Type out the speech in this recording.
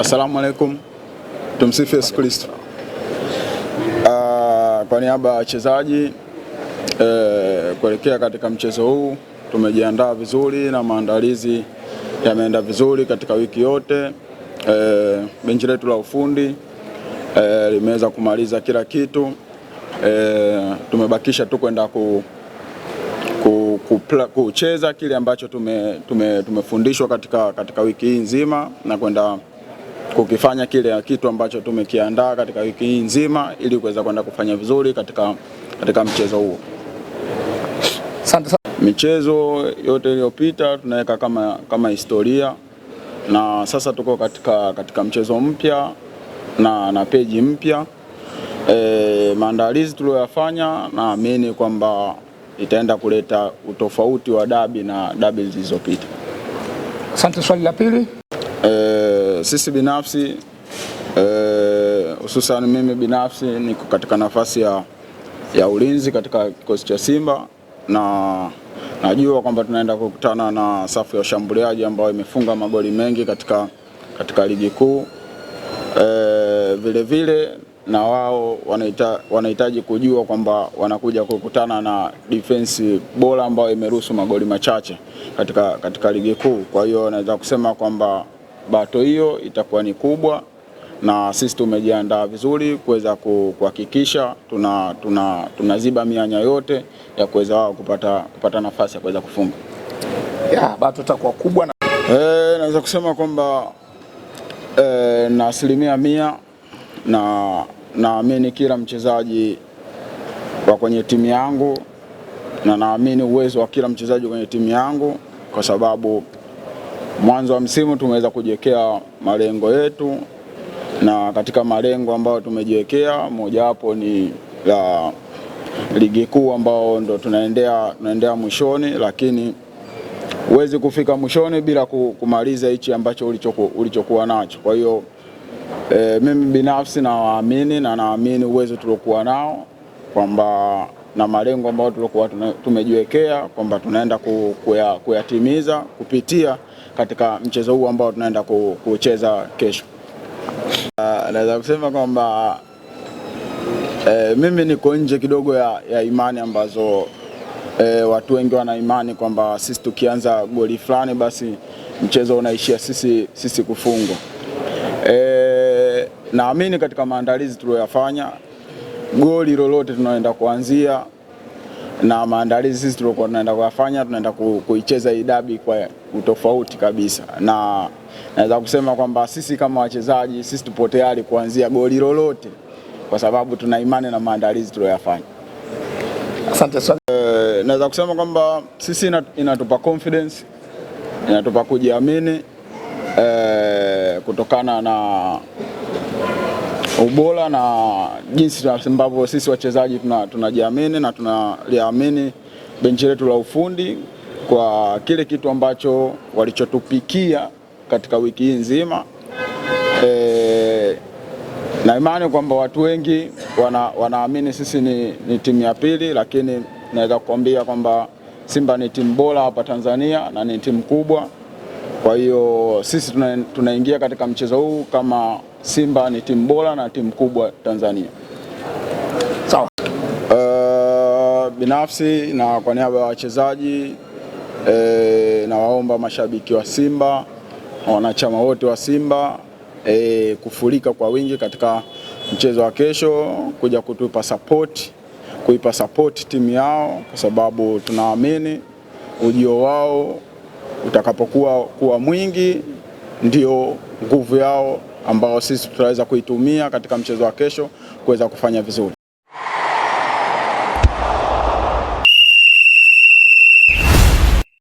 Asalamu alaikum, tumsifu Yesu Kristo. Uh, kwa niaba ya wachezaji eh, kuelekea katika mchezo huu tumejiandaa vizuri na maandalizi yameenda vizuri katika wiki yote. Eh, benchi letu la ufundi eh, limeweza kumaliza kila kitu eh, tumebakisha tu kwenda ku kucheza kile ambacho tume, tume, tumefundishwa katika, katika wiki hii nzima na kwenda kukifanya kile kitu ambacho tumekiandaa katika wiki hii nzima ili kuweza kwenda kufanya vizuri katika, katika mchezo huo. Asante sana. Michezo yote iliyopita tunaweka kama, kama historia na sasa tuko katika, katika mchezo mpya na, na peji mpya e, maandalizi tuliyoyafanya naamini kwamba itaenda kuleta utofauti wa dabi na dabi zilizopita. Asante. Swali la pili e, sisi binafsi eh, hususan e, mimi binafsi niko katika nafasi ya, ya ulinzi katika kikosi cha Simba na najua kwamba tunaenda kukutana na safu ya washambuliaji ambayo imefunga magoli mengi katika, katika ligi kuu eh, e, vilevile na wao wanahitaji kujua kwamba wanakuja kukutana na defense bora ambayo imeruhusu magoli machache katika, katika ligi kuu. Kwa hiyo naweza kusema kwamba bato hiyo itakuwa ni kubwa, na sisi tumejiandaa vizuri kuweza kuhakikisha tunaziba tuna, tunaziba mianya yote ya kuweza wao kupata, kupata nafasi ya kuweza kufunga yeah, bato itakuwa kubwa na... E, naweza kusema kwamba e, na asilimia mia na naamini kila mchezaji wa kwenye timu yangu na naamini uwezo wa kila mchezaji kwenye timu yangu kwa sababu mwanzo wa msimu tumeweza kujiwekea malengo yetu, na katika malengo ambayo tumejiwekea mojawapo ni la ligi kuu ambao ndo tunaendea, tunaendea mwishoni, lakini huwezi kufika mwishoni bila kumaliza hichi ambacho ulichokuwa ulichokuwa nacho. Kwa hiyo e, mimi binafsi nawaamini na naamini uwezo tuliokuwa nao kwamba na malengo ambayo tulikuwa tumejiwekea kwamba tunaenda kuyatimiza kupitia katika mchezo huu ambao tunaenda kucheza kesho. Uh, naweza kusema kwamba eh, mimi niko nje kidogo ya, ya imani ambazo eh, watu wengi wana imani kwamba sisi tukianza goli fulani basi mchezo unaishia sisi, sisi kufungwa. Eh, naamini katika maandalizi tuliyoyafanya goli lolote tunaenda kuanzia na maandalizi sisi tulikuwa tunaenda kuyafanya, tunaenda kuicheza hii dabi kwa utofauti kabisa, na naweza kusema kwamba sisi kama wachezaji sisi tupo tayari kuanzia goli lolote, kwa sababu tuna imani na maandalizi tuliyoyafanya. Asante sana. E, naweza kusema kwamba sisi inatupa confidence, inatupa kujiamini e, kutokana na ubora na jinsi ambavyo sisi wachezaji tunajiamini tuna na tunaliamini benchi letu la ufundi kwa kile kitu ambacho walichotupikia katika wiki hii nzima e, na imani kwamba watu wengi wana, wanaamini sisi ni, ni timu ya pili, lakini naweza kukwambia kwamba Simba ni timu bora hapa Tanzania na ni timu kubwa. Kwa hiyo sisi tunaingia tuna katika mchezo huu kama Simba ni timu bora na timu kubwa Tanzania. Sawa. Uh, binafsi na kwa niaba ya wachezaji eh, nawaomba mashabiki wa Simba na wanachama wote wa Simba eh, kufurika kwa wingi katika mchezo wa kesho kuja kutupa support, kuipa support timu yao kwa sababu tunaamini ujio wao utakapokuwa kuwa mwingi ndio nguvu yao ambao sisi tutaweza kuitumia katika mchezo wa kesho kuweza kufanya vizuri.